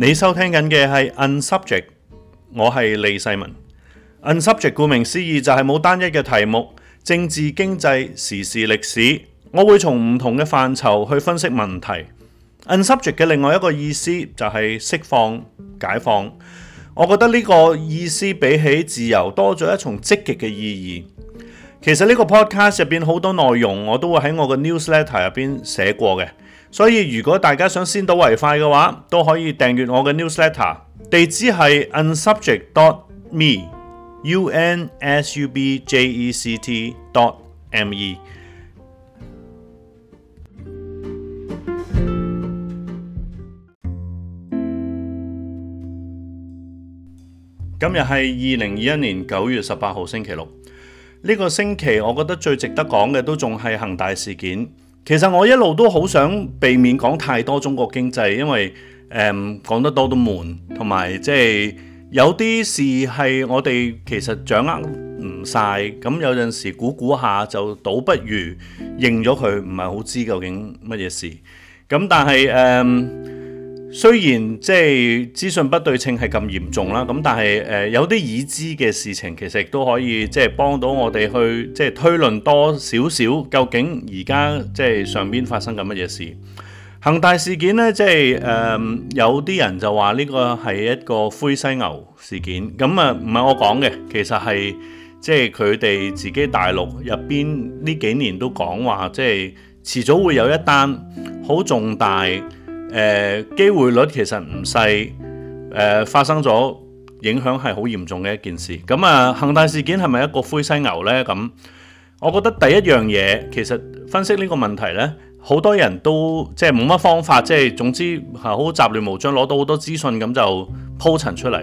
你收聽緊嘅係 Unsubject，我係李世民。《Unsubject 顧名思義就係、是、冇單一嘅題目，政治、經濟、時事、歷史，我會從唔同嘅範疇去分析問題。Unsubject 嘅另外一個意思就係、是、釋放、解放。我覺得呢個意思比起自由多咗一重積極嘅意義。其實呢個 podcast 入邊好多內容，我都會喺我嘅 newsletter 入邊寫過嘅。所以如果大家想先睹為快嘅話，都可以訂閱我嘅 newsletter。地址係 unsubject.me，U N S U B J E C T M E。今日係二零二一年九月十八號星期六。呢、這個星期我覺得最值得講嘅都仲係恒大事件。其實我一路都好想避免講太多中國經濟，因為誒講、嗯、得多都悶，同埋即係有啲、就是、事係我哋其實掌握唔晒，咁有陣時估估下就倒不如認咗佢，唔係好知究竟乜嘢事。咁但係誒。嗯雖然即係資訊不對稱係咁嚴重啦，咁但係誒有啲已知嘅事情，其實亦都可以即係幫到我哋去即係、就是、推論多少少究竟而家即係上邊發生緊乜嘢事？恒大事件呢，即係誒有啲人就話呢個係一個灰犀牛事件，咁啊唔係我講嘅，其實係即係佢哋自己大陸入邊呢幾年都講話，即係遲早會有一單好重大。誒、呃、機會率其實唔細，誒、呃、發生咗影響係好嚴重嘅一件事。咁啊，恒大事件係咪一個灰犀牛呢？咁我覺得第一樣嘢其實分析呢個問題呢，好多人都即係冇乜方法，即係總之係好雜亂無章，攞到好多資訊咁就鋪陳出嚟。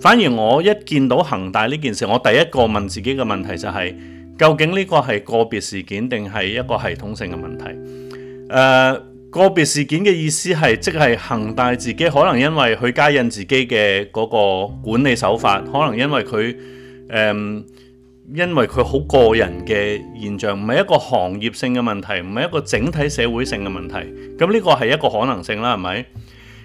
反而我一見到恒大呢件事，我第一個問自己嘅問題就係、是，究竟呢個係個別事件定係一個系統性嘅問題？誒、呃？個別事件嘅意思係，即係恒大自己可能因為許家印自己嘅嗰個管理手法，可能因為佢誒、嗯，因為佢好個人嘅現象，唔係一個行業性嘅問題，唔係一個整體社會性嘅問題。咁呢個係一個可能性啦，係咪？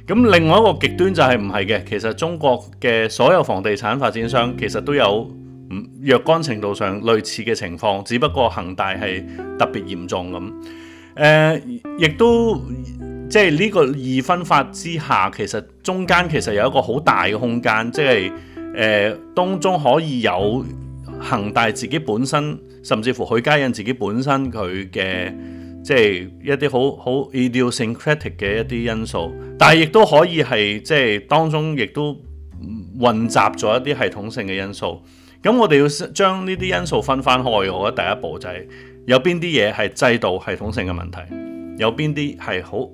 咁另外一個極端就係唔係嘅，其實中國嘅所有房地產發展商其實都有唔若干程度上類似嘅情況，只不過恒大係特別嚴重咁。誒、呃，亦都即係呢個二分法之下，其實中間其實有一個好大嘅空間，即係誒當中可以有恒大自己本身，甚至乎許家印自己本身佢嘅即係一啲好好 idiosyncratic 嘅一啲因素，但係亦都可以係即係當中亦都混雜咗一啲系統性嘅因素。咁我哋要將呢啲因素分翻開，我覺得第一步就係、是。有邊啲嘢係制度系統性嘅問題？有邊啲係好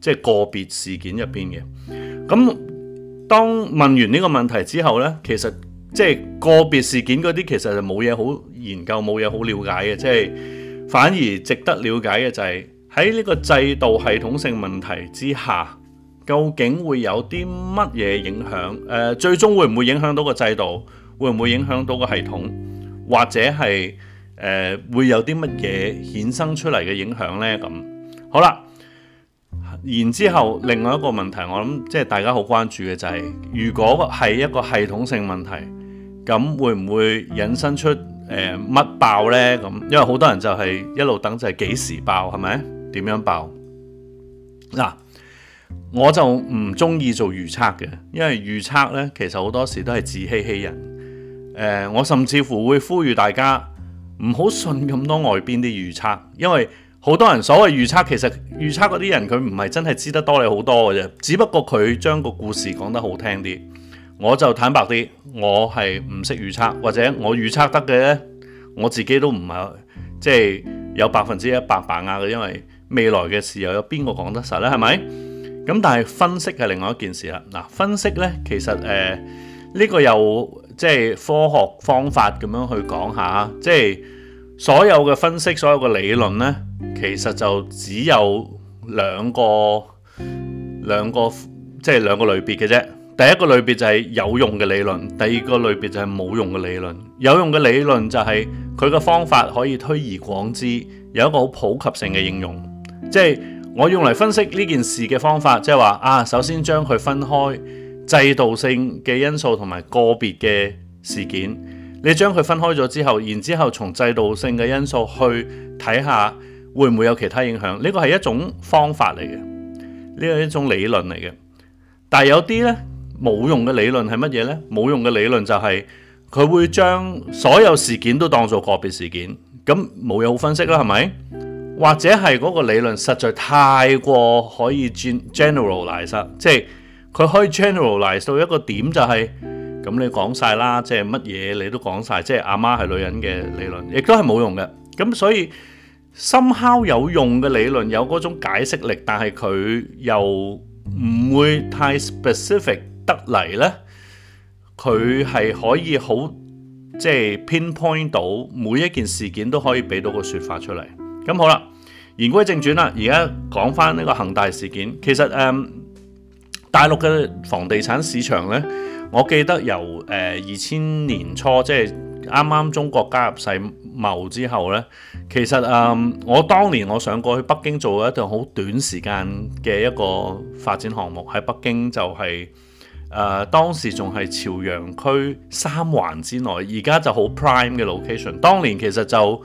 即係個別事件入邊嘅？咁當問完呢個問題之後呢，其實即係個別事件嗰啲其實就冇嘢好研究，冇嘢好了解嘅。即係反而值得了解嘅就係喺呢個制度系統性問題之下，究竟會有啲乜嘢影響？誒，最終會唔會影響到個制度？會唔會影響到個系統？或者係？誒、呃、會有啲乜嘢衍生出嚟嘅影響呢？咁好啦，然之後另外一個問題，我諗即係大家好關注嘅就係、是，如果係一個系統性問題，咁會唔會引申出乜、呃、爆呢？咁因為好多人就係一路等就係幾時爆係咪？點樣爆嗱、啊？我就唔中意做預測嘅，因為預測呢其實好多時都係自欺欺人、呃。我甚至乎會呼籲大家。唔好信咁多外邊啲預測，因為好多人所謂預測，其實預測嗰啲人佢唔係真係知得多你好多嘅啫，只不過佢將個故事講得好聽啲。我就坦白啲，我係唔識預測，或者我預測得嘅呢，我自己都唔係即係有百分之一百把握嘅，因為未來嘅事又有邊個講得實呢？係咪？咁但係分析係另外一件事啦。嗱，分析呢，其實誒呢、呃這個又。即係科學方法咁樣去講下，即係所有嘅分析，所有嘅理論呢，其實就只有兩個兩個即係兩個類別嘅啫。第一個類別就係有用嘅理論，第二個類別就係冇用嘅理論。有用嘅理論就係佢嘅方法可以推而廣之，有一個好普及性嘅應用。即係我用嚟分析呢件事嘅方法，即係話啊，首先將佢分開。制度性嘅因素同埋個別嘅事件，你將佢分開咗之後，然之後從制度性嘅因素去睇下會唔會有其他影響，呢個係一種方法嚟嘅，呢個係一種理論嚟嘅。但係有啲咧冇用嘅理論係乜嘢咧？冇用嘅理論就係、是，佢會將所有事件都當作個別事件，咁冇嘢好分析啦，係咪？或者係嗰個理論實在太過可以 generalize，即係。佢可以 generalize 到一個點就係、是、咁，你講晒啦，即係乜嘢你都講晒，即係阿媽係女人嘅理論，亦都係冇用嘅。咁所以深敲有用嘅理論有嗰種解釋力，但係佢又唔會太 specific 得嚟呢。佢係可以好即係、就是、pinpoint 到每一件事件都可以俾到個説法出嚟。咁好啦，言歸正傳啦，而家講返呢個恆大事件，其實誒。Um, 大陸嘅房地產市場呢，我記得由誒二千年初，即係啱啱中國加入世貿之後呢。其實誒、呃、我當年我上過去北京做一段好短時間嘅一個發展項目喺北京就係、是、誒、呃、當時仲係朝陽區三環之內，而家就好 prime 嘅 location，當年其實就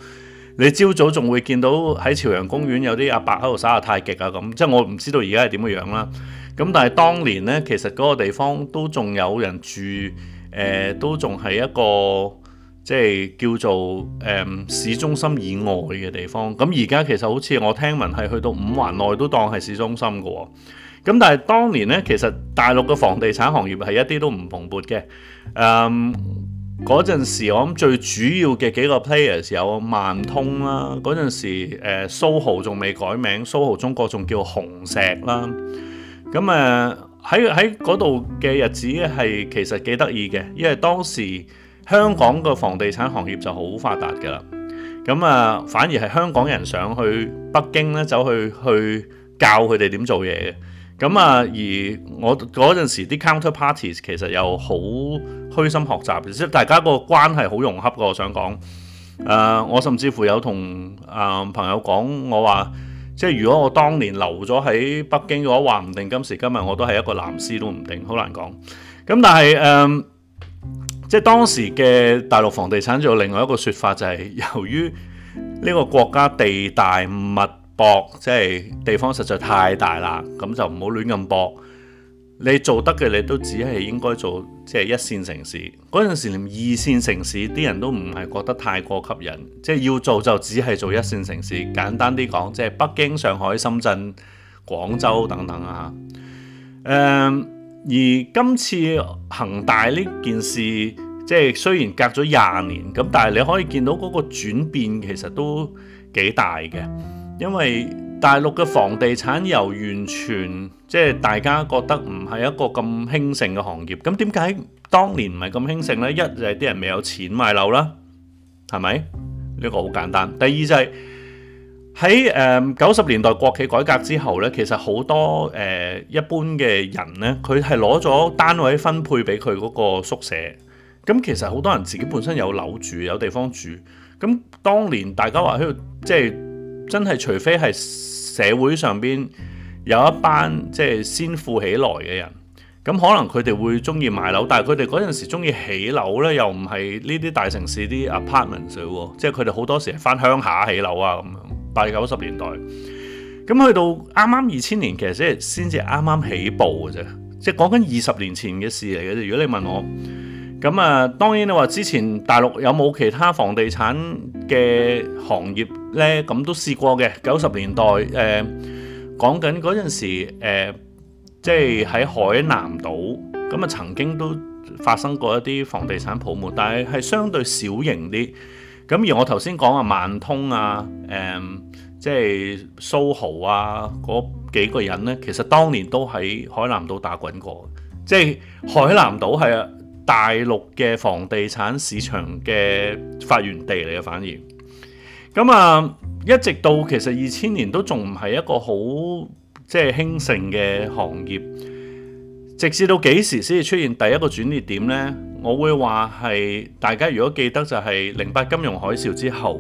你朝早仲會見到喺朝陽公園有啲阿伯喺度耍下太極啊，咁，即係我唔知道而家係點嘅樣啦。咁但係當年呢，其實嗰個地方都仲有人住，誒、呃、都仲係一個即係叫做誒、嗯、市中心以外嘅地方。咁而家其實好似我聽聞係去到五環內都當係市中心嘅喎、哦。咁但係當年呢，其實大陸嘅房地產行業係一啲都唔蓬勃嘅。誒嗰陣時，我諗最主要嘅幾個 players 有萬通啦。嗰陣時，誒 SOHO 仲未改名，SOHO 中國仲叫紅石啦。咁喺喺嗰度嘅日子係其實幾得意嘅，因為當時香港個房地產行業就好發達㗎啦。咁啊，反而係香港人想去北京咧，走去去教佢哋點做嘢咁啊，而我嗰陣時啲 counterparties 其實又好虛心學習，即係大家個關係好融洽㗎。我想講、呃、我甚至乎有同啊、呃、朋友講，我話。即係如果我當年留咗喺北京嘅話，話唔定今時今日我都係一個藍絲都唔定，好難講。咁但係誒、嗯，即係當時嘅大陸房地產仲有另外一個説法，就係由於呢個國家地大物博，即係地方實在太大啦，咁就唔好亂咁搏。你做得嘅，你都只係應該做，即係一線城市。嗰陣時連二線城市啲人都唔係覺得太過吸引，即係要做就只係做一線城市。簡單啲講，即係北京、上海、深圳、廣州等等啊。誒、嗯，而今次恒大呢件事，即係雖然隔咗廿年咁，但係你可以見到嗰個轉變其實都幾大嘅，因為。大陸嘅房地產又完全即係、就是、大家覺得唔係一個咁興盛嘅行業，咁點解當年唔係咁興盛呢？一就係啲人未有錢買樓啦，係咪？呢、這個好簡單。第二就係喺誒九十年代國企改革之後呢，其實好多誒、呃、一般嘅人呢，佢係攞咗單位分配俾佢嗰個宿舍。咁其實好多人自己本身有樓住，有地方住。咁當年大家話喺度即係。就是真係，除非係社會上邊有一班即係、就是、先富起來嘅人，咁可能佢哋會中意買樓，但係佢哋嗰陣時中意起樓咧，又唔係呢啲大城市啲 apartment 喎，即係佢哋好多時係翻鄉下起樓啊，咁樣，八九十年代，咁去到啱啱二千年，其實即係先至啱啱起步嘅啫，即係講緊二十年前嘅事嚟嘅啫。如果你問我。咁啊，當然你話之前大陸有冇其他房地產嘅行業呢？咁都試過嘅。九十年代誒講緊嗰陣時誒，即係喺海南島咁啊，曾經都發生過一啲房地產泡沫，但係係相對小型啲。咁而我頭先講啊，萬通啊，誒即係蘇豪啊嗰幾個人呢，其實當年都喺海南島打滾過，即係海南島係啊。大陸嘅房地產市場嘅發源地嚟嘅，反而咁啊，一直到其實二千年都仲唔係一個好即係興盛嘅行業，直至到幾時先至出現第一個轉捩點呢？我會話係大家如果記得就係零八金融海嘯之後，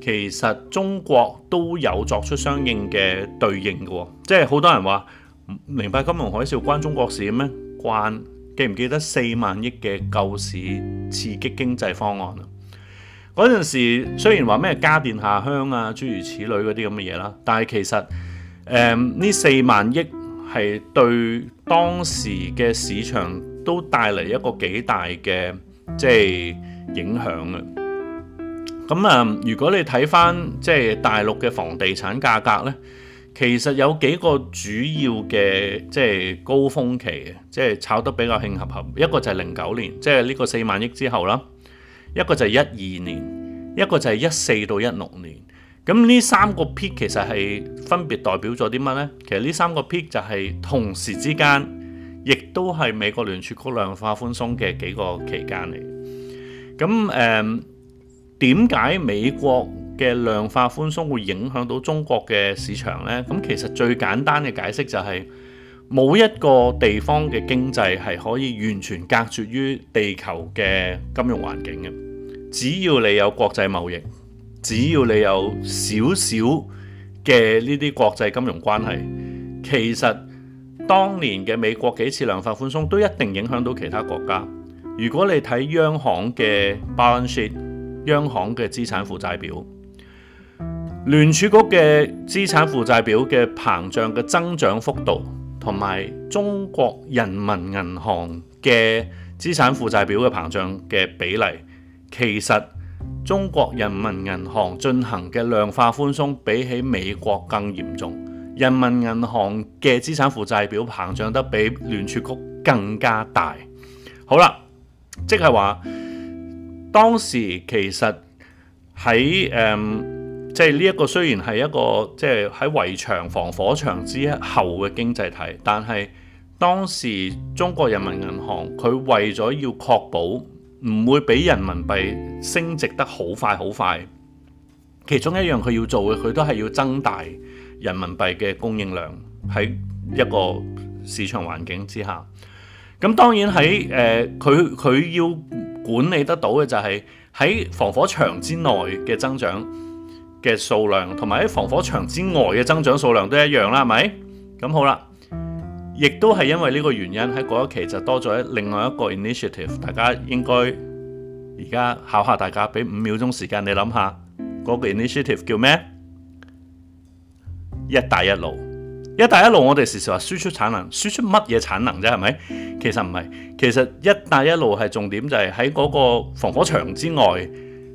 其實中國都有作出相應嘅對應嘅，即係好多人話零八金融海嘯關中國事咩？關。記唔記得四萬億嘅救市刺激經濟方案啊？嗰陣時雖然話咩家電下鄉啊，諸如此類嗰啲咁嘅嘢啦，但係其實誒呢四萬億係對當時嘅市場都帶嚟一個幾大嘅即係影響啊！咁啊，如果你睇翻即係大陸嘅房地產價格呢。其實有幾個主要嘅即係高峰期嘅，即、就、係、是、炒得比較興合合。一個就係零九年，即係呢個四萬億之後啦；一個就係一二年；一個就係一四到一六年。咁呢三個 peak 其實係分別代表咗啲乜呢？其實呢三個 peak 就係同時之間，亦都係美國聯儲局量化寬鬆嘅幾個期間嚟。咁誒點解美國，嘅量化寬鬆會影響到中國嘅市場咧。咁其實最簡單嘅解釋就係冇一個地方嘅經濟係可以完全隔絕於地球嘅金融環境嘅。只要你有國際貿易，只要你有少少嘅呢啲國際金融關係，其實當年嘅美國幾次量化寬鬆都一定影響到其他國家。如果你睇央行嘅 balance sheet，央行嘅資產負債表。聯儲局嘅資產負債表嘅膨脹嘅增長幅度，同埋中國人民銀行嘅資產負債表嘅膨脹嘅比例，其實中國人民銀行進行嘅量化寬鬆比起美國更嚴重。人民銀行嘅資產負債表膨脹得比聯儲局更加大。好啦，即係話當時其實喺誒。嗯即係呢一個雖然係一個即係喺圍牆防火牆之後嘅經濟體，但係當時中國人民銀行佢為咗要確保唔會俾人民幣升值得好快好快，其中一樣佢要做嘅，佢都係要增大人民幣嘅供應量喺一個市場環境之下。咁當然喺誒佢佢要管理得到嘅就係喺防火牆之內嘅增長。嘅數量同埋喺防火牆之外嘅增長數量都一樣啦，係咪？咁好啦，亦都係因為呢個原因喺嗰一期就多咗另外一個 initiative。大家應該而家考下大家，俾五秒鐘時間你諗下嗰個 initiative 叫咩？一帶一路。一帶一路我哋時時話輸出產能，輸出乜嘢產能啫？係咪？其實唔係，其實一帶一路係重點就係喺嗰個防火牆之外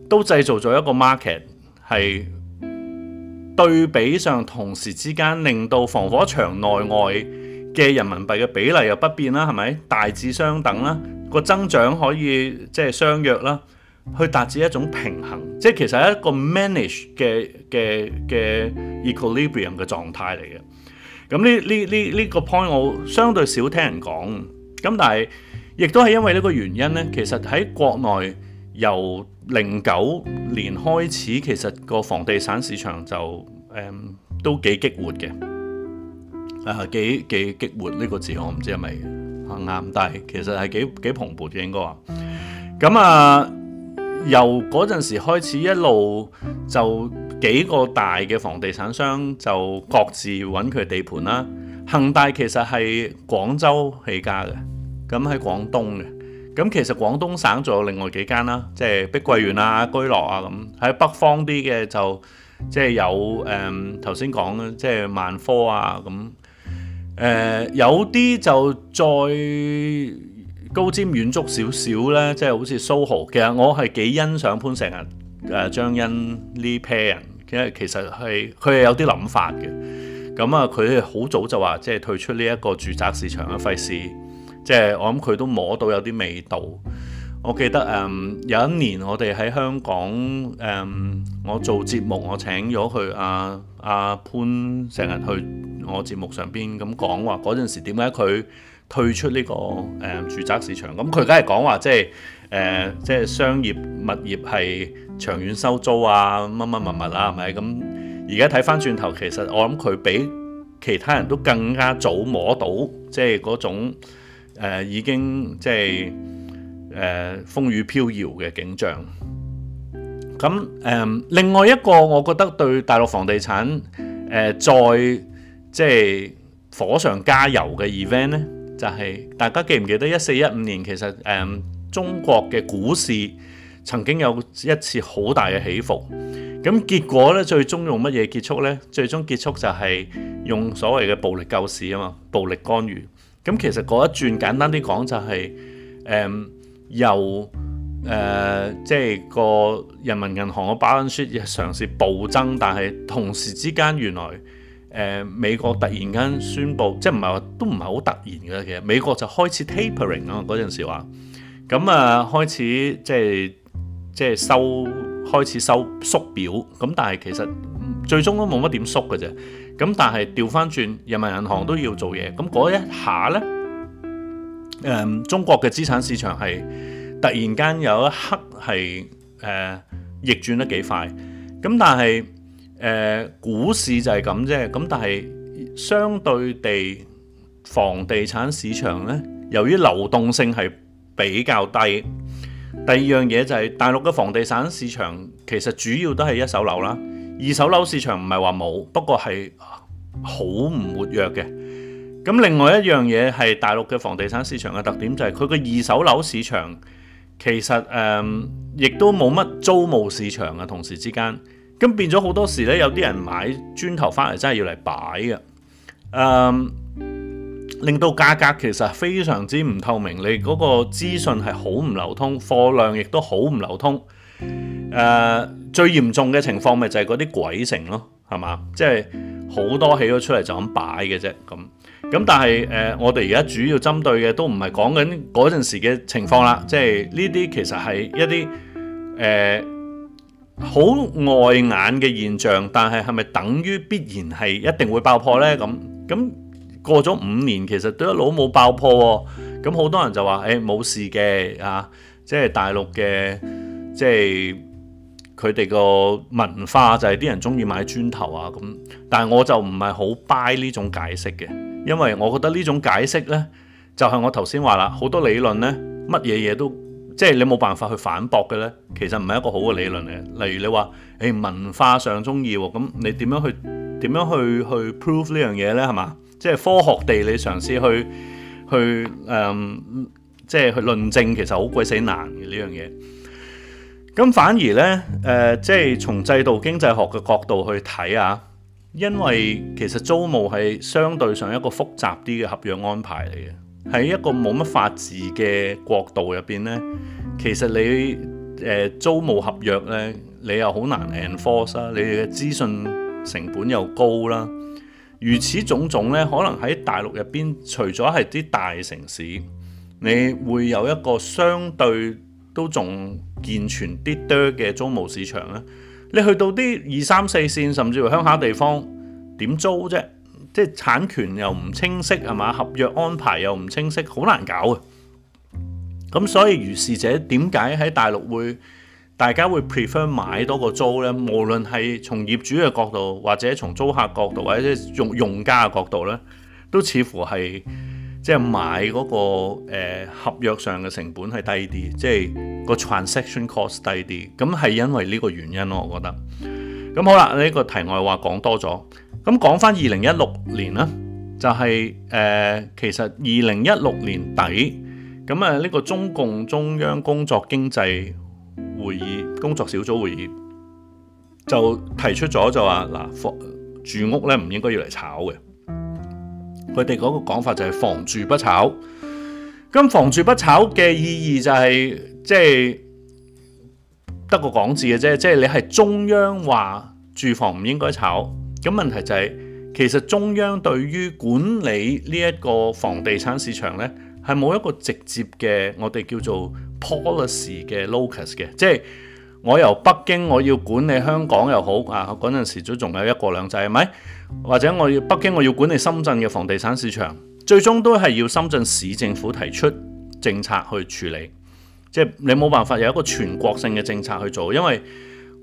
都製造咗一個 market 係。對比上同時之間，令到防火牆內外嘅人民幣嘅比例又不變啦，係咪大致相等啦？個增長可以即係相約啦，去達至一種平衡，即係其實係一個 manage 嘅嘅嘅 equilibrium 嘅狀態嚟嘅。咁呢呢呢呢個 point 我相對少聽人講，咁但係亦都係因為呢個原因咧，其實喺國內。由零九年開始，其實個房地產市場就誒、嗯、都幾激活嘅，啊幾幾激活呢個字我唔知係咪啱，但係其實係幾幾蓬勃嘅應該話。咁、嗯、啊，由嗰陣時開始一路就幾個大嘅房地產商就各自揾佢地盤啦。恒大其實係廣州起家嘅，咁喺廣東嘅。咁其實廣東省仲有另外幾間啦，即係碧桂園啊、居樂啊咁。喺北方啲嘅就即係有誒頭先講即係萬科啊咁。誒、呃、有啲就再高瞻遠矚少少咧，即係好似蘇豪。其實我係幾欣賞潘石屹、誒張欣呢 pair 人，因為其實係佢係有啲諗法嘅。咁啊，佢好早就話即係退出呢一個住宅市場嘅費事。即係我諗佢都摸到有啲味道。我記得誒、um, 有一年我哋喺香港誒、um，我做節目我請咗佢阿阿潘成日去我節目上邊咁講話，嗰陣時點解佢退出呢、呢個誒、啊、住宅市場？咁佢梗係講話即係誒、呃、即係商業物業係長遠收租啊乜乜物物啊係咪？咁而家睇翻轉頭，其實我諗佢比其他人都更加早摸到即係嗰種。誒、呃、已經即係誒、呃、風雨飄搖嘅景象，咁誒、呃、另外一個我覺得對大陸房地產誒、呃、再即係火上加油嘅 event 咧，就係、是、大家記唔記得一四一五年其實誒、呃、中國嘅股市曾經有一次好大嘅起伏，咁結果咧最終用乜嘢結束咧？最終結束就係用所謂嘅暴力救市啊嘛，暴力干預。咁其實嗰一轉簡單啲講就係誒由即係個人民銀行個 balance sheet 嘅嘗試暴增，但係同時之間原來、呃、美國突然間宣布，即係唔係話都唔係好突然嘅，其實美國就開始 tapering 啊嗰陣時話，咁啊開始即係即係收開始收縮表，咁但係其實最終都冇乜點縮㗎啫。咁但係掉返轉，人民銀行都要做嘢，咁嗰一下呢，誒、嗯、中國嘅資產市場係突然間有一刻係誒、呃、逆轉得幾快，咁但係誒、呃、股市就係咁啫，咁但係相對地，房地產市場呢，由於流動性係比較低，第二樣嘢就係大陸嘅房地產市場其實主要都係一手樓啦。二手樓市場唔係話冇，不過係好唔活躍嘅。咁另外一樣嘢係大陸嘅房地產市場嘅特點就係佢個二手樓市場其實誒亦、嗯、都冇乜租務市場嘅、啊、同時之間，咁變咗好多時呢，有啲人買磚頭翻嚟真係要嚟擺嘅、嗯，令到價格其實非常之唔透明，你嗰個資訊係好唔流通，貨量亦都好唔流通。誒、呃、最嚴重嘅情況咪就係嗰啲鬼城咯，係嘛？即係好多起咗出嚟就咁擺嘅啫，咁咁但係誒、呃，我哋而家主要針對嘅都唔係講緊嗰陣時嘅情況啦，即係呢啲其實係一啲誒好礙眼嘅現象，但係係咪等於必然係一定會爆破呢？咁咁過咗五年其實都一路冇爆破喎、哦，咁好多人就話誒冇事嘅啊，即、就、係、是、大陸嘅即係。就是佢哋個文化就係啲人中意買磚頭啊咁，但係我就唔係好 buy 呢種解釋嘅，因為我覺得呢種解釋呢，就係、是、我頭先話啦，好多理論呢，乜嘢嘢都即係、就是、你冇辦法去反駁嘅呢，其實唔係一個好嘅理論嚟。例如你話，誒、欸、文化上中意喎，咁你點樣去點樣去去 prove 呢樣嘢呢？係嘛？即、就、係、是、科學地你嘗試去去誒，即、嗯、係、就是、去論證，其實好鬼死難嘅呢樣嘢。咁反而呢，誒、呃，即係從制度經濟學嘅角度去睇啊，因為其實租務係相對上一個複雜啲嘅合約安排嚟嘅。喺一個冇乜法治嘅國度入邊呢，其實你誒、呃、租務合約呢，你又好難 enforce 啦，你嘅資訊成本又高啦，如此種種呢，可能喺大陸入邊，除咗係啲大城市，你會有一個相對都仲健全啲多嘅租務市場咧，你去到啲二三四線甚至乎鄉下地方，點租啫？即係產權又唔清晰係嘛，合約安排又唔清晰，好難搞啊！咁所以如是者點解喺大陸會大家會 prefer 買多過租呢？無論係從業主嘅角度，或者從租客角度，或者用用家嘅角度呢，都似乎係。即係買嗰、嗰個、呃、合約上嘅成本係低啲，即係個 transaction cost 低啲，咁係因為呢個原因咯，我覺得。咁好啦，呢、呢個題外話講多咗。咁講翻二零一六年啦，就係、係、誒、呃、其實二零一六年底，咁啊呢個中共中央工作經濟會議工作小組會議就提出咗就話嗱，住屋咧唔應該要嚟炒嘅。佢哋嗰個講法就係房住不炒，咁房住不炒嘅意義就係即係得個講字嘅啫，即係你係中央話住房唔應該炒，咁問題就係、是、其實中央對於管理呢一個房地產市場呢，係冇一個直接嘅我哋叫做 policy 嘅 locus 嘅，即係。我由北京我要管理香港又好啊，嗰陣時都仲有一國兩制係咪？或者我要北京我要管理深圳嘅房地產市場，最終都係要深圳市政府提出政策去處理。即係你冇辦法有一個全國性嘅政策去做，因為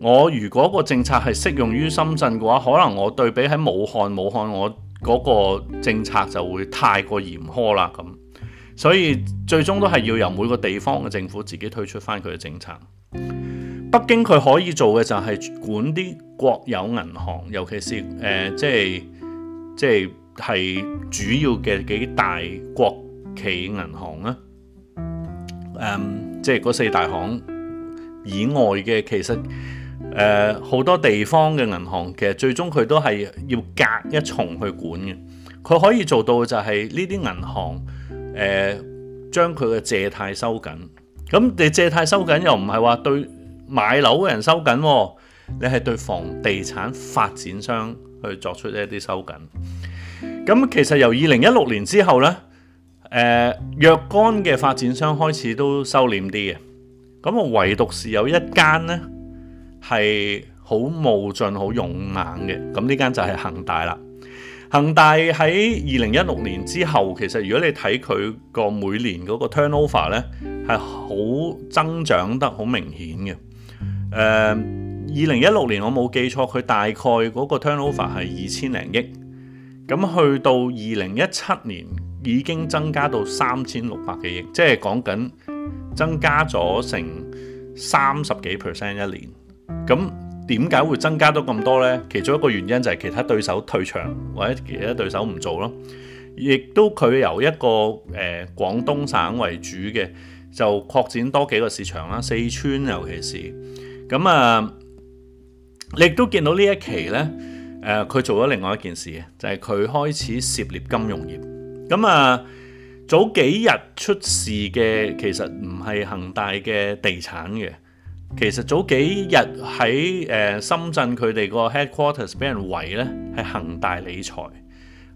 我如果個政策係適用於深圳嘅話，可能我對比喺武漢，武漢我嗰個政策就會太過嚴苛啦咁。所以最終都係要由每個地方嘅政府自己推出翻佢嘅政策。北京佢可以做嘅就係管啲國有銀行，尤其是誒、呃、即係即係係主要嘅幾大國企銀行啊誒、嗯、即係嗰四大行以外嘅，其實誒好、呃、多地方嘅銀行，其實最終佢都係要隔一重去管嘅。佢可以做到嘅就係呢啲銀行誒將佢嘅借貸收緊，咁你借貸收緊又唔係話對。買樓嘅人收緊，哦，你係對房地產發展商去作出一啲收緊。咁其實由二零一六年之後呢，誒、呃、若干嘅發展商開始都收斂啲嘅。咁啊，唯獨是有一間呢，係好冒進、好勇猛嘅。咁呢間就係恒大啦。恒大喺二零一六年之後，其實如果你睇佢個每年嗰個 turnover 呢，係好增長得好明顯嘅。誒，二零一六年我冇記錯，佢大概嗰個 turnover 係二千零億，咁去到二零一七年已經增加到三千六百幾億，即係講緊增加咗成三十幾 percent 一年。咁點解會增加多咁多呢？其中一個原因就係其他對手退場，或者其他對手唔做咯。亦都佢由一個誒、呃、廣東省為主嘅，就擴展多幾個市場啦，四川尤其是。咁啊，你亦都見到呢一期呢，誒、呃、佢做咗另外一件事嘅，就係、是、佢開始涉獵金融業。咁啊，早幾日出事嘅其實唔係恒大嘅地產嘅，其實早幾日喺誒深圳佢哋個 headquarters 俾人圍呢，係恒大理財。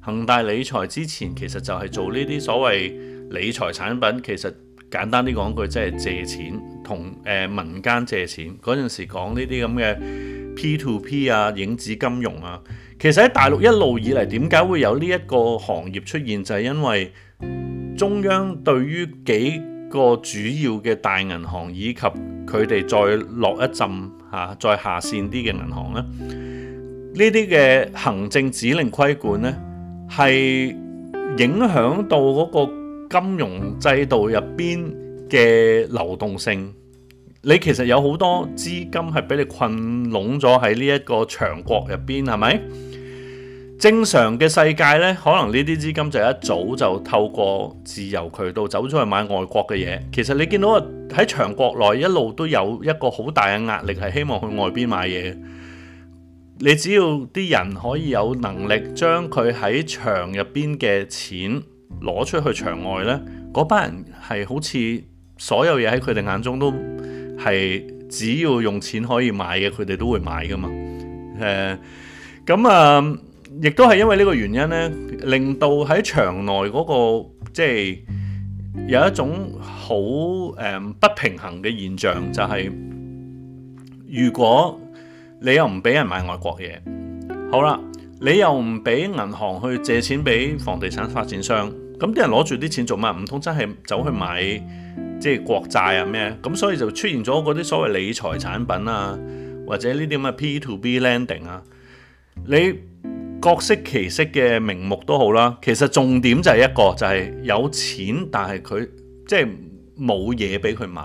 恒大理財之前其實就係做呢啲所謂理財產品，其實。簡單啲講句，即係借錢同誒民間借錢嗰陣時講呢啲咁嘅 P to P 啊、影子金融啊，其實喺大陸一路以嚟點解會有呢一個行業出現，就係因為中央對於幾個主要嘅大銀行以及佢哋再落一陣嚇再下線啲嘅銀行咧，呢啲嘅行政指令規管呢，係影響到嗰個。金融制度入邊嘅流動性，你其實有好多資金係俾你困攏咗喺呢一個強國入邊，係咪？正常嘅世界咧，可能呢啲資金就一早就透過自由渠道走出去買外國嘅嘢。其實你見到啊，喺強國內一路都有一個好大嘅壓力，係希望去外邊買嘢。你只要啲人可以有能力將佢喺牆入邊嘅錢。攞出去場外呢，嗰班人係好似所有嘢喺佢哋眼中都係只要用錢可以買嘅，佢哋都會買㗎嘛。誒、uh，咁啊，亦都係因為呢個原因呢，令到喺場內嗰、那個即係、就是、有一種好誒、um, 不平衡嘅現象，就係、是、如果你又唔俾人買外國嘢，好啦，你又唔俾銀行去借錢俾房地產發展商。咁啲人攞住啲錢做乜？唔通真係走去買即係國債啊咩？咁所以就出現咗嗰啲所謂理財產品啊，或者呢啲咁嘅 P to B lending 啊，你各式其式嘅名目都好啦。其實重點就係一個就係有錢，但係佢即係冇嘢俾佢買。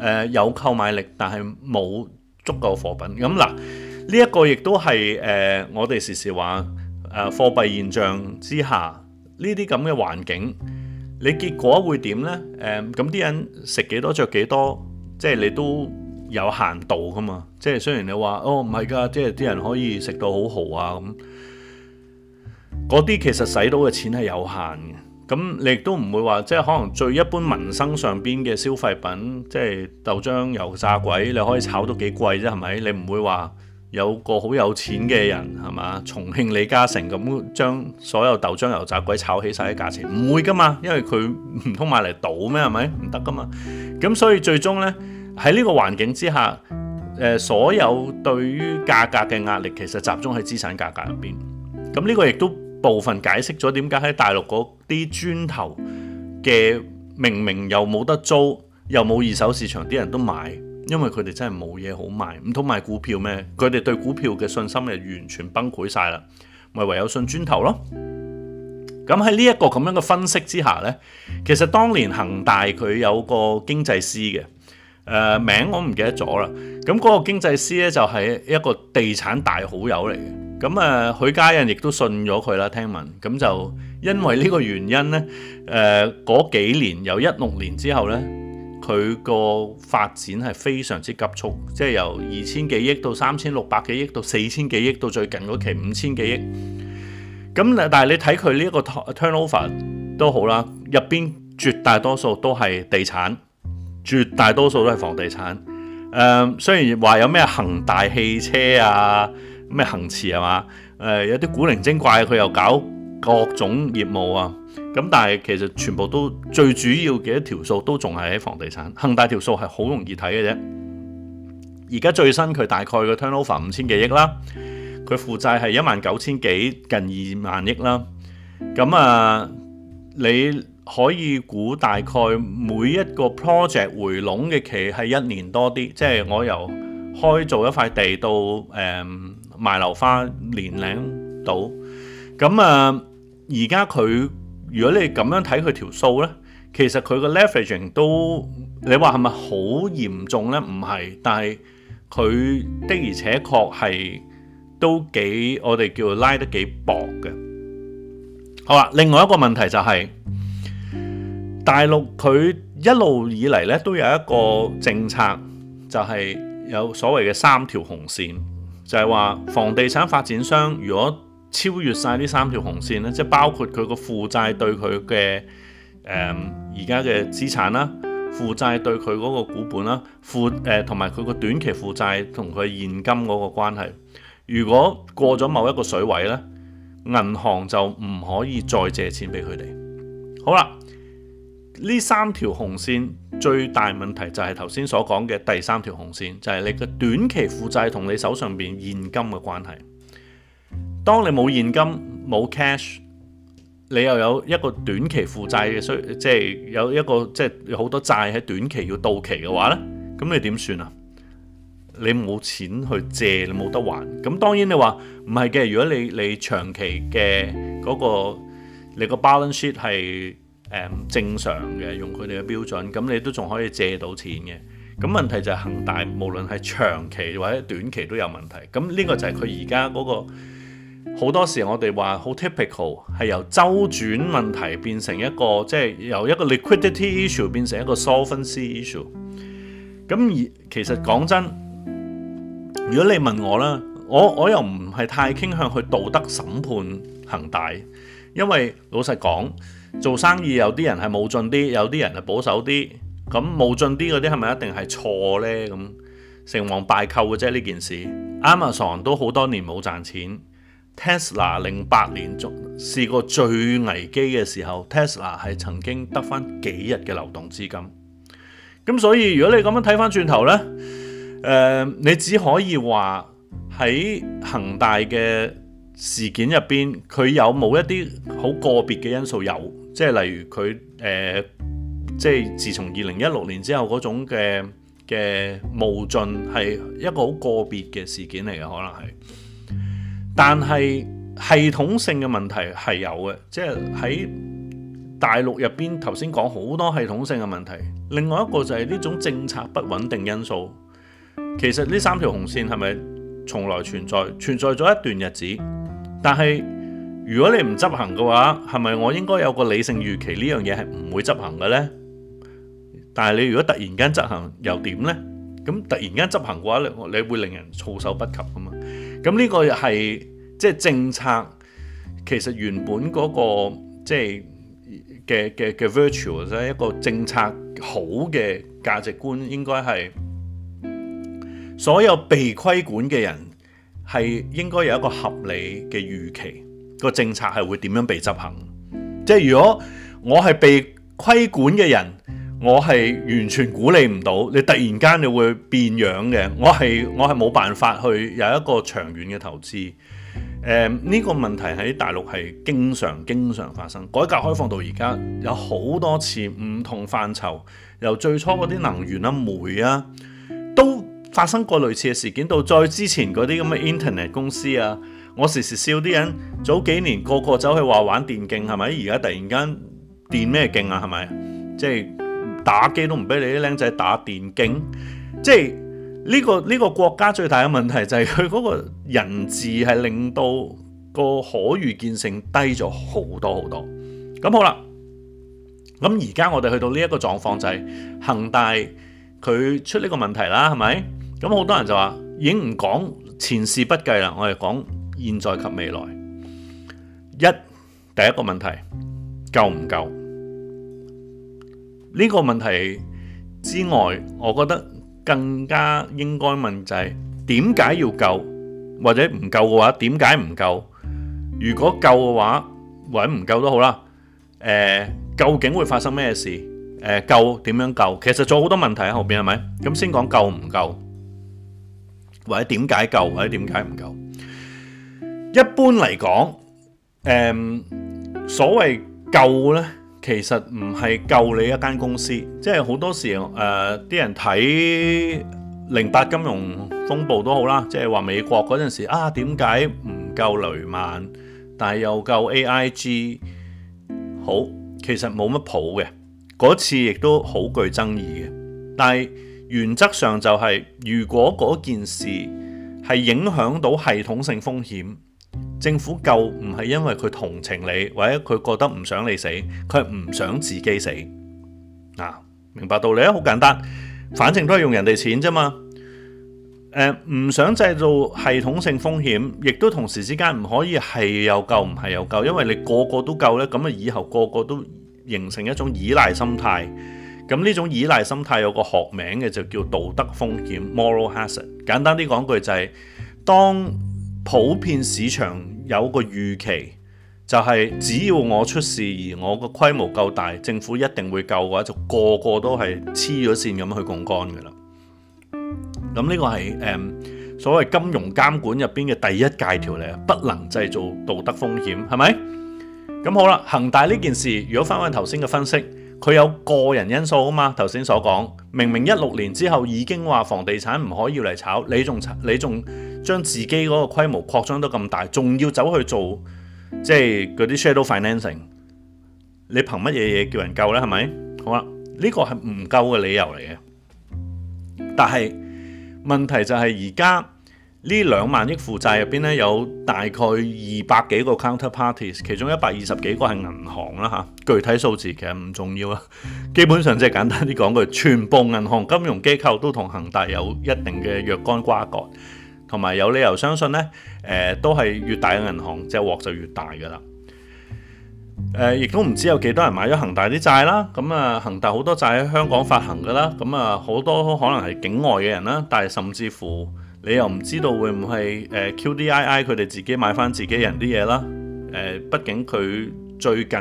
誒有購買力，但係冇足夠貨品咁嗱。呢一個亦都係誒我哋時時話誒貨幣現象之下。呢啲咁嘅環境，你結果會點呢？誒、嗯，咁啲人食幾多着幾多，即係你都有限度噶嘛。即係雖然你話哦唔係㗎，即係啲人可以食到好豪啊咁，嗰啲其實使到嘅錢係有限嘅。咁你亦都唔會話，即係可能最一般民生上邊嘅消費品，即係豆漿油炸鬼，你可以炒到幾貴啫，係咪？你唔會話。有個好有錢嘅人係嘛，重慶李嘉誠咁將所有豆漿油炸鬼炒起曬啲價錢，唔會噶嘛。因為佢唔通買嚟倒咩？係咪唔得噶嘛？咁所以最終呢，喺呢個環境之下，誒，所有對於價格嘅壓力其實集中喺資產價格入邊。咁呢個亦都部分解釋咗點解喺大陸嗰啲磚頭嘅明明又冇得租，又冇二手市場啲人都買。因為佢哋真係冇嘢好賣，唔通賣股票咩？佢哋對股票嘅信心係完全崩潰晒啦，咪唯有信磚頭咯。咁喺呢一個咁樣嘅分析之下呢，其實當年恒大佢有個經濟師嘅，誒、呃、名我唔記得咗啦。咁嗰個經濟師呢就係、是、一個地產大好友嚟嘅，咁啊，許、呃、家印亦都信咗佢啦。聽聞咁就因為呢個原因呢，誒、呃、嗰幾年由一六年之後呢，佢個發展係非常之急速，即係由二千幾億到三千六百幾億到四千幾億到最近嗰期五千幾億。咁但係你睇佢呢一個 turnover 都好啦，入邊絕大多數都係地產，絕大多數都係房地產。誒、嗯，雖然話有咩恒大汽車啊、咩恆馳係、啊、嘛，誒、呃、有啲古靈精怪，佢又搞各種業務啊。咁但係其實全部都最主要嘅一條數都仲係喺房地產，恒大條數係好容易睇嘅啫。而家最新佢大概嘅 turnover 五千幾億啦，佢負債係一萬九千幾近二萬億啦。咁啊，你可以估大概每一個 project 回籠嘅期係一年多啲，即係我由開做一塊地到誒、嗯、賣樓花年零到咁啊。而家佢如果你咁樣睇佢條數呢，其實佢個 leveraging 都你話係咪好嚴重呢？唔係，但係佢的而且確係都幾我哋叫拉得幾薄嘅。好啦，另外一個問題就係大陸佢一路以嚟呢都有一個政策，就係有所謂嘅三條紅線，就係話房地產發展商如果超越晒呢三條紅線咧，即係包括佢個負債對佢嘅誒而家嘅資產啦，負債對佢嗰個股本啦，負誒同埋佢個短期負債同佢現金嗰個關係。如果過咗某一個水位咧，銀行就唔可以再借錢俾佢哋。好啦，呢三條紅線最大問題就係頭先所講嘅第三條紅線，就係你嘅短期負債同你手上邊現金嘅關係。當你冇現金冇 cash，你又有一個短期負債嘅需，即係有一個即係好多債喺短期要到期嘅話咧，咁你點算啊？你冇錢去借，你冇得還。咁當然你話唔係嘅，如果你你長期嘅嗰個你個 balance sheet 係誒、嗯、正常嘅，用佢哋嘅標準，咁你都仲可以借到錢嘅。咁問題就係恒大無論係長期或者短期都有問題。咁呢個就係佢而家嗰個。好多時，我哋話好 typical，係由周轉問題變成一個即係、就是、由一個 liquidity issue 變成一個 solvency issue。咁而其實講真，如果你問我啦，我我又唔係太傾向去道德審判恒大，因為老實講，做生意有啲人係冒進啲，有啲人係保守啲。咁冒進啲嗰啲係咪一定係錯呢？咁成王敗寇嘅啫。呢件事 Amazon 都好多年冇賺錢。Tesla 零八年仲試過個最危機嘅時候，Tesla 係曾經得翻幾日嘅流動資金。咁所以如果你咁樣睇翻轉頭呢，誒、呃，你只可以話喺恒大嘅事件入邊，佢有冇一啲好個別嘅因素？有，即係例如佢誒、呃，即係自從二零一六年之後嗰種嘅嘅冒進係一個好個別嘅事件嚟嘅，可能係。但係系統性嘅問題係有嘅，即係喺大陸入邊頭先講好多系統性嘅問題。另外一個就係呢種政策不穩定因素。其實呢三條紅線係咪從來存在？存在咗一段日子。但係如果你唔執行嘅話，係咪我應該有個理性預期呢樣嘢係唔會執行嘅呢？但係你如果突然間執行又點呢？咁突然間執行嘅話，你會令人措手不及噶嘛？咁呢個又係即係政策，其實原本嗰、嗰個即係嘅嘅嘅 virtual，即一個政策好嘅價值觀，應該係所有被規管嘅人係應該有一個合理嘅預期、嗰個政策係會點樣被執行。即、就、係、係、如果我係被規管嘅人。我係完全鼓勵唔到你，突然間你會變樣嘅。我係我係冇辦法去有一個長遠嘅投資。誒，嗯，呢個問題喺大陸係經常經常發生。改革開放到而家有好多次唔同範疇，由最初嗰啲能源啊、煤啊，都發生過類似嘅事件。到再之前嗰啲咁嘅 Internet 公司啊，我時時笑啲人，早幾年個個走去話玩電競係咪？而家突然間電咩競啊係咪？即係。打機都唔俾你啲僆仔打電競，即係呢個呢個國家最大嘅問題就係佢嗰個人治係令到個可預見性低咗好多好多。咁好啦，咁而家我哋去到呢一個狀況就係恒大佢出呢個問題啦，係咪？咁好多人就話已經唔講前事不計啦，我哋講現在及未來。一，第一個問題，夠唔夠？呢個問題之外，我覺得更加應該問就係點解要救，或者唔救嘅話點解唔救？如果救嘅話，或者唔救都好啦。誒，究竟會發生咩事？誒，救點樣救？其實仲有好多問題喺後邊，係咪？咁先講救唔救，或者點解救，或者點解唔救。一般嚟講，誒，所謂救呢。其實唔係救你一間公司，即係好多時誒啲、呃、人睇零八金融風暴都好啦，即係話美國嗰陣時啊，點解唔救雷曼，但係又救 AIG 好，其實冇乜譜嘅，嗰次亦都好具爭議嘅。但係原則上就係、是，如果嗰件事係影響到系統性風險。政府救唔係因為佢同情你，或者佢覺得唔想你死，佢係唔想自己死。嗱，明白道理咧，好簡單，反正都係用人哋錢啫嘛。誒，唔想製造系統性風險，亦都同時之間唔可以係又救唔係又救，因為你個個都救咧，咁啊以後個個都形成一種依賴心態。咁呢種依賴心態有個學名嘅就叫道德風險 （Moral Hazard）。簡單啲講句就係當。普遍市場有個預期，就係只要我出事而我個規模夠大，政府一定會救嘅話，就個個都係黐咗線咁去槓桿嘅啦。咁、嗯、呢、這個係誒、嗯、所謂金融監管入邊嘅第一戒條嚟，不能製造道德風險，係咪？咁好啦，恒大呢件事，如果翻返頭先嘅分析，佢有個人因素啊嘛。頭先所講，明明一六年之後已經話房地產唔可以嚟炒，你仲炒，你仲？將自己嗰個規模擴張到咁大，仲要走去做即係嗰啲 shadow financing，你憑乜嘢嘢叫人救呢？係咪好啦？呢個係唔夠嘅理由嚟嘅。但係問題就係而家呢兩萬億負債入邊呢，有大概二百幾個 counter parties，其中一百二十幾個係銀行啦吓，具體數字其實唔重要啊，基本上即係簡單啲講句，全部銀行金融機構都同恒大有一定嘅若干瓜葛。同埋有，有理由相信呢，誒、呃、都係越大嘅銀行，隻鑊就越大噶啦。亦都唔知有幾多人買咗恒大啲債啦。咁、嗯、啊，恒大好多債喺香港發行噶啦。咁、嗯、啊，好多可能係境外嘅人啦，但係甚至乎你又唔知道會唔會係誒 QDII 佢哋自己買翻自己人啲嘢啦。誒、嗯，畢竟佢最近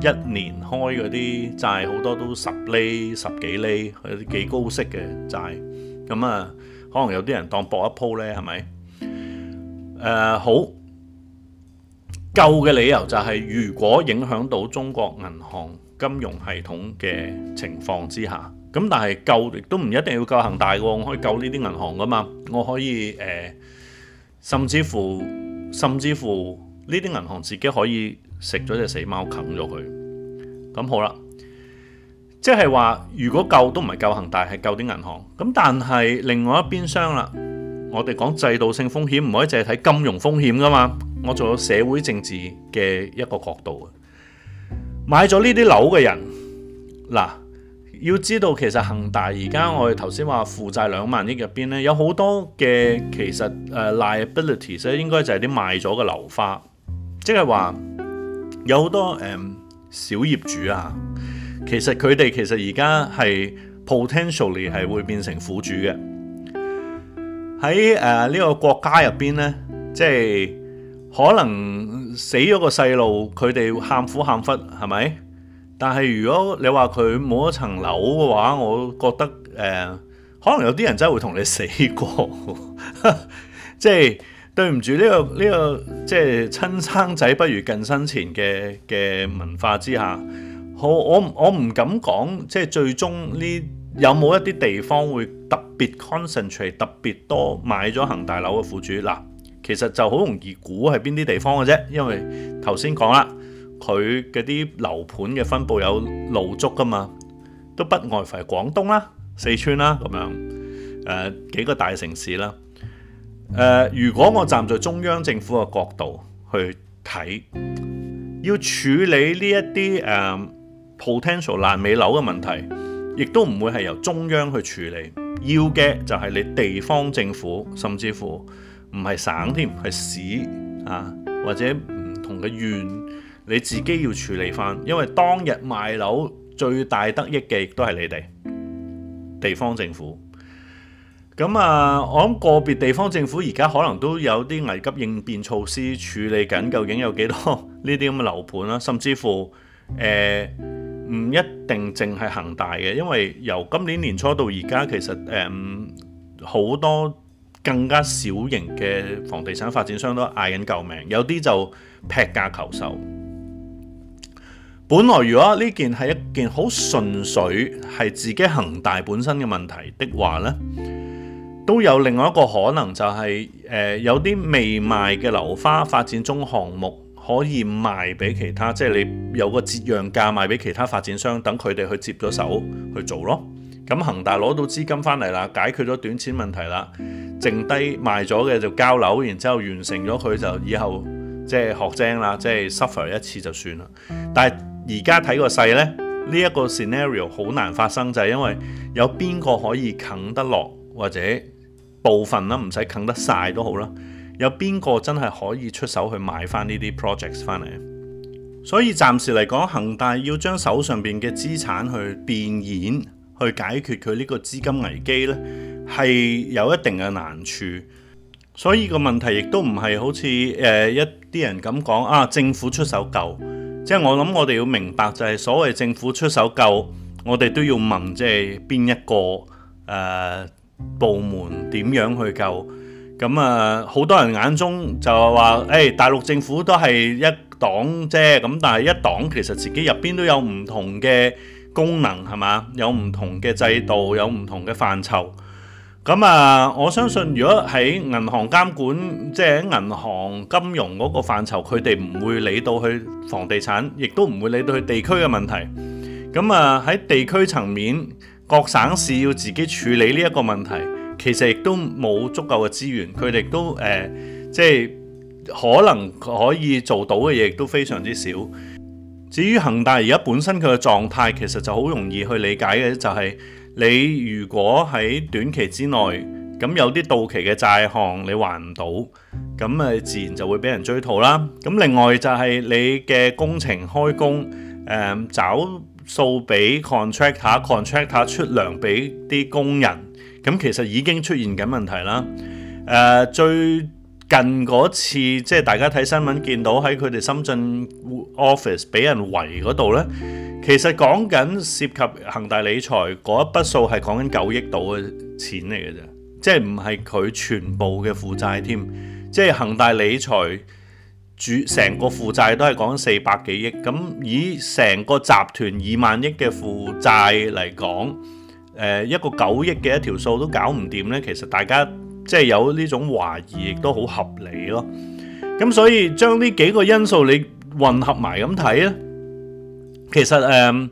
一年開嗰啲債好多都十厘、十幾厘，係幾高息嘅債。咁、嗯、啊～、嗯可能有啲人當搏一鋪呢，係咪？呃，好救嘅理由就係如果影響到中國銀行金融系統嘅情況之下，咁但係救亦都唔一定要救恒大喎，我可以救呢啲銀行噶嘛，我可以誒、呃，甚至乎甚至乎呢啲銀行自己可以食咗隻死貓，啃咗佢，咁好啦。即係話，如果救都唔係救恒大，係救啲銀行。咁但係另外一邊廂啦，我哋講制度性風險，唔可以淨係睇金融風險噶嘛。我做咗社會政治嘅一個角度啊，買咗呢啲樓嘅人，嗱，要知道其實恒大而家我哋頭先話負債兩萬億入邊咧，有好多嘅其實誒 liabilities 咧，應該就係啲賣咗嘅樓花，即係話有好多誒、嗯、小業主啊。其實佢哋其實而家係 potentially 係會變成苦主嘅。喺誒呢個國家入邊呢，即係可能死咗個細路，佢哋喊苦喊忽係咪？但係如果你話佢冇一層樓嘅話，我覺得誒、呃、可能有啲人真係會同你死過。 即係對唔住呢個呢、這個即係親生仔不如近生前嘅嘅文化之下。好，我我我唔敢講，即係最終呢有冇一啲地方會特別 concentrate 特別多買咗恒大樓嘅戶主嗱，其實就好容易估係邊啲地方嘅啫，因為頭先講啦，佢嗰啲樓盤嘅分布有露足噶嘛，都不外乎係廣東啦、四川啦咁樣，誒、呃、幾個大城市啦，誒、呃、如果我站在中央政府嘅角度去睇，要處理呢一啲誒。呃 Potential 爛尾樓嘅問題，亦都唔會係由中央去處理，要嘅就係你地方政府，甚至乎唔係省添，係市啊，或者唔同嘅縣，你自己要處理翻，因為當日賣樓最大得益嘅亦都係你哋地方政府。咁啊，我諗個別地方政府而家可能都有啲危急應變措施處理緊，究竟有幾多呢啲咁嘅樓盤啦、啊，甚至乎誒。欸唔一定淨係恒大嘅，因為由今年年初到而家，其實誒好、嗯、多更加小型嘅房地產發展商都嗌緊救命，有啲就劈價求售。本來如果呢件係一件好純粹係自己恒大本身嘅問題的話呢，都有另外一個可能就係、是、誒、呃、有啲未賣嘅樓花發展中項目。可以賣俾其他，即係你有個折讓價賣俾其他發展商，等佢哋去接咗手去做咯。咁恒大攞到資金翻嚟啦，解決咗短錢問題啦，剩低賣咗嘅就交樓，然之後完成咗佢就以後即係學精啦，即係 suffer 一次就算啦。但係而家睇個勢呢，呢一個 scenario 好難發生，就係因為有邊個可以啃得落，或者部分啦，唔使啃得晒都好啦。有邊個真係可以出手去買翻呢啲 projects 翻嚟？所以暫時嚟講，恒大要將手上邊嘅資產去變現，去解決佢呢個資金危機呢，係有一定嘅難處。所以個問題亦都唔係好似誒、呃、一啲人咁講啊，政府出手救。即係我諗，我哋要明白就係所謂政府出手救，我哋都要問即係邊一個誒、呃、部門點樣去救。咁啊，好多人眼中就話，誒、欸、大陸政府都係一黨啫。咁但係一黨其實自己入邊都有唔同嘅功能係嘛，有唔同嘅制度，有唔同嘅範疇，咁啊，我相信如果喺銀行監管，即係銀行金融嗰個範疇，佢哋唔會理到去房地產，亦都唔會理到去地區嘅問題，咁啊，喺地區層面，各省市要自己處理呢一個問題。其實亦都冇足夠嘅資源，佢哋都誒，即係可能可以做到嘅嘢，都非常之少。至於恒大而家本身佢嘅狀態，其實就好容易去理解嘅，就係你如果喺短期之內咁有啲到期嘅債項你還唔到，咁誒自然就會俾人追討啦。咁另外就係你嘅工程開工，誒找數俾 contractor，contractor 出糧俾啲工人。咁其實已經出現緊問題啦。誒最近嗰次，即係大家睇新聞見到喺佢哋深圳 office 俾人圍嗰度呢，其實講緊涉及恒大理財嗰一筆數係講緊九億度嘅錢嚟嘅啫，即係唔係佢全部嘅負債添。即係恒大理財主成個負債都係講四百幾億。咁以成個集團二萬億嘅負債嚟講。誒一個九億嘅一條數都搞唔掂咧，其實大家即係有呢種懷疑，亦都好合理咯。咁所以將呢幾個因素你混合埋咁睇咧，其實誒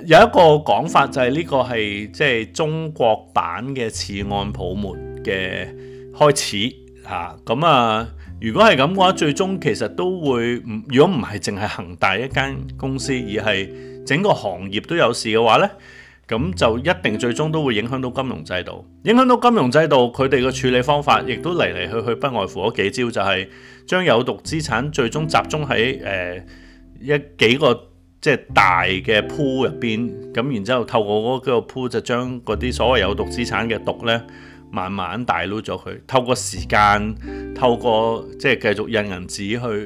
有一個講法就係呢個係即係中國版嘅次按泡沫嘅開始嚇。咁啊，如果係咁嘅話，最終其實都會唔如果唔係淨係恒大一間公司，而係整個行業都有事嘅話咧。咁就一定最終都會影響到，到金融制度，影響到金融制度，佢哋個處理方法亦都嚟嚟去去不外乎嗰幾招，就係將有毒資產最終集中喺誒、呃、一幾個即係大嘅 pool 入邊，咁然之後透過嗰個 pool 就將嗰啲所謂有毒資產嘅毒咧慢慢大撈咗佢，透過時間，透過即係繼續印銀紙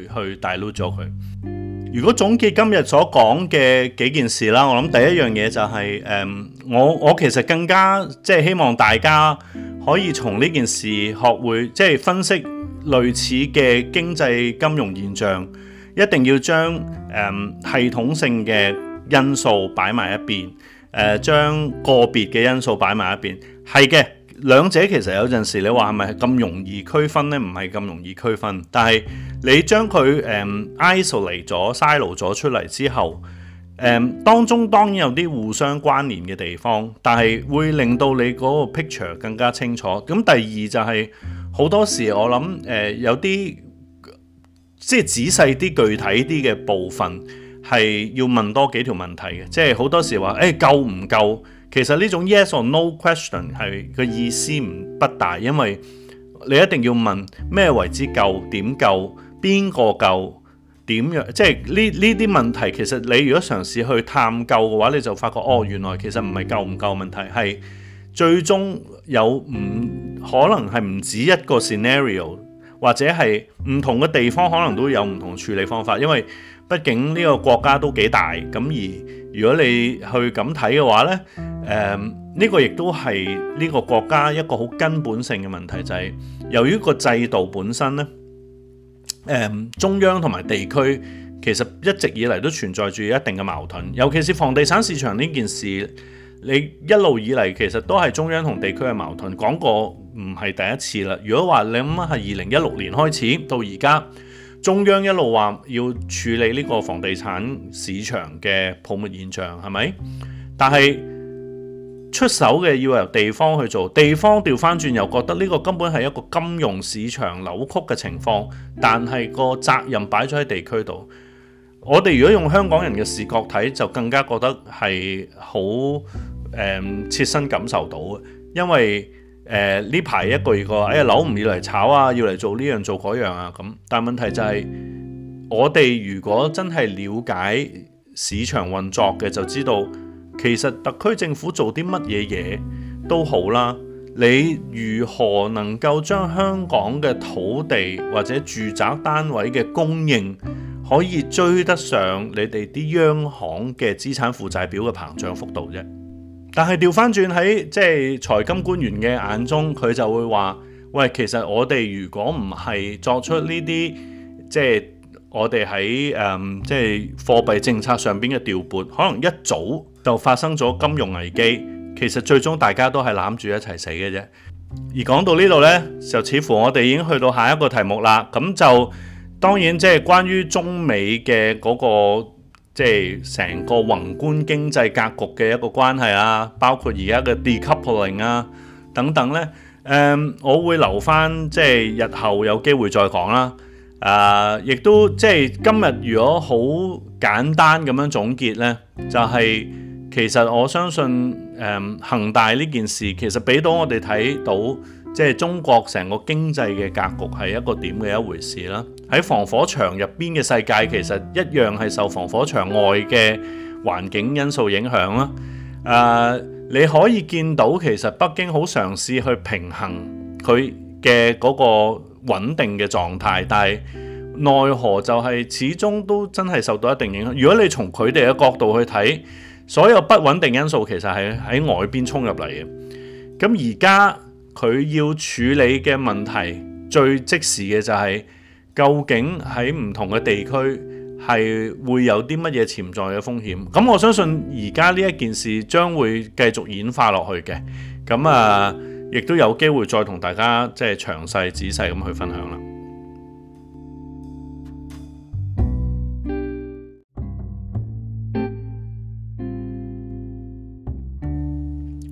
去去大撈咗佢。如果總結今日所講嘅幾件事啦，我諗第一樣嘢就係，誒，我我其實更加即係希望大家可以從呢件事學會，即係分析類似嘅經濟金融現象，一定要將誒系統性嘅因素擺埋一邊，誒將個別嘅因素擺埋一邊，係嘅。兩者其實有陣時，你話係咪咁容易區分呢？唔係咁容易區分。但係你將佢誒 isolate 咗、silo 咗出嚟之後，誒、嗯、當中當然有啲互相關聯嘅地方，但係會令到你嗰個 picture 更加清楚。咁第二就係、是、好多時我諗誒、呃、有啲即係仔細啲、具體啲嘅部分係要問多幾條問題嘅。即係好多時話誒夠唔夠？哎夠不夠？其實呢種 yes or no question 係個意思唔不大，因為你一定要問咩為之救，點救，邊個救，點樣，即係呢呢啲問題。其實你如果嘗試去探究嘅話，你就發覺哦，原來其實唔係救唔救問題，係最終有唔可能係唔止一個 scenario，或者係唔同嘅地方可能都有唔同處理方法，因為畢竟呢個國家都幾大咁而。如果你去咁睇嘅話呢呢、嗯呢個亦都係呢個國家一個好根本性嘅問題，就係、是、由於個制度本身呢、嗯、中央同埋地區其實一直以嚟都存在住一定嘅矛盾，尤其是房地產市場呢件事，你一路以嚟其實都係中央同地區嘅矛盾，講過唔係第一次啦。如果話你諗係二零一六年開始到而家。中央一路話要處理呢個房地產市場嘅泡沫現象，係咪？但係出手嘅要由地方去做，地方調翻轉又覺得呢個根本係一個金融市場扭曲嘅情況，但係個責任擺咗喺地區度。我哋如果用香港人嘅視覺睇，就更加覺得係好、嗯、切身感受到嘅，因為。誒呢排一個月個，哎呀，樓唔要嚟炒啊，要嚟做呢樣做嗰樣啊，咁，但係問題就係、是、我哋如果真係了解市場運作嘅，就知道其實特區政府做啲乜嘢嘢都好啦，你如何能夠將香港嘅土地或者住宅單位嘅供應可以追得上你哋啲央行嘅資產負債表嘅膨脹幅度啫？但係掉返轉喺即係財金官員嘅眼中，佢就會話：喂，其實我哋如果唔係作出呢啲，即係我哋喺誒，即係貨幣政策上面嘅調撥，可能一早就發生咗金融危機。其實最終大家都係攬住一齊死嘅啫。而講到呢度呢，就似乎我哋已經去到下一個題目啦。咁就當然即係關於中美嘅嗰個。即係成個宏觀經濟格局嘅一個關係啊，包括而家嘅 decoupling 啊等等呢，誒，我會留返即係日後有機會再講啦。誒、呃，亦都即係今日如果好簡單咁樣總結呢，就係、是、其實我相信誒恒大呢件事其實俾到我哋睇到。即係中國成個經濟嘅格局係一個點嘅一回事啦。喺防火牆入邊嘅世界，其實一樣係受防火牆外嘅環境因素影響啦。誒，你可以見到其實北京好嘗試去平衡佢嘅嗰個穩定嘅狀態，但係奈何就係始終都真係受到一定影響。如果你從佢哋嘅角度去睇，所有不穩定因素其實係喺外邊衝入嚟嘅。咁而家。佢要處理嘅問題最即時嘅就係、是、究竟喺唔同嘅地區係會有啲乜嘢潛在嘅風險？咁我相信而家呢一件事將會繼續演化落去嘅，咁啊，亦都有機會再同大家即係、就是、詳細仔細咁去分享啦。